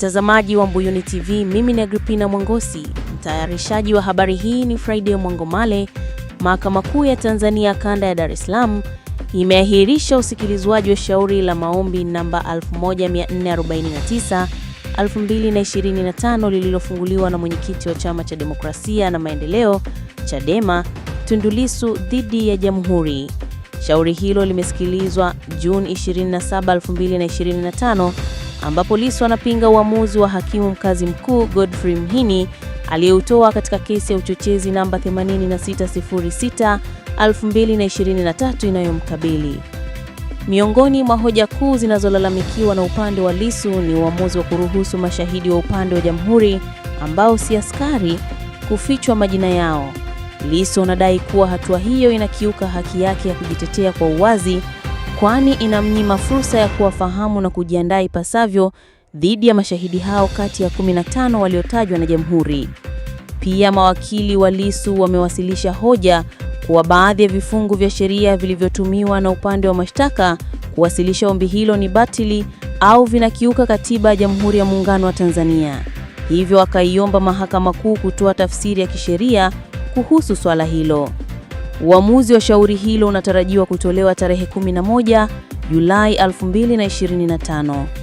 Mtazamaji wa Mbuyuni TV, mimi ni Agripina Mwangosi. Mtayarishaji wa habari hii ni Friday Mwangomale. Mahakama Kuu ya Tanzania Kanda ya Dar es Salaam imeahirisha usikilizwaji wa shauri la maombi namba 1449 2025 lililofunguliwa na mwenyekiti wa Chama cha Demokrasia na Maendeleo Chadema Tundu Lissu dhidi ya Jamhuri. Shauri hilo limesikilizwa Juni 27, 2025 ambapo Lissu anapinga uamuzi wa hakimu mkazi mkuu Godfrey Mhini aliyeutoa katika kesi ya uchochezi namba 8606 2023 inayomkabili. Miongoni mwa hoja kuu zinazolalamikiwa na upande wa Lissu ni uamuzi wa kuruhusu mashahidi wa upande wa Jamhuri ambao si askari kufichwa majina yao. Lissu anadai kuwa hatua hiyo inakiuka haki yake ya kujitetea kwa uwazi kwani inamnyima fursa ya kuwafahamu na kujiandaa ipasavyo dhidi ya mashahidi hao kati ya 15 waliotajwa na Jamhuri. Pia mawakili wa Lissu wamewasilisha hoja kuwa baadhi ya vifungu vya sheria vilivyotumiwa na upande wa mashtaka kuwasilisha ombi hilo ni batili au vinakiuka katiba ya Jamhuri ya Muungano wa Tanzania. Hivyo akaiomba Mahakama Kuu kutoa tafsiri ya kisheria kuhusu swala hilo. Uamuzi wa shauri hilo unatarajiwa kutolewa tarehe 11 Julai 2025.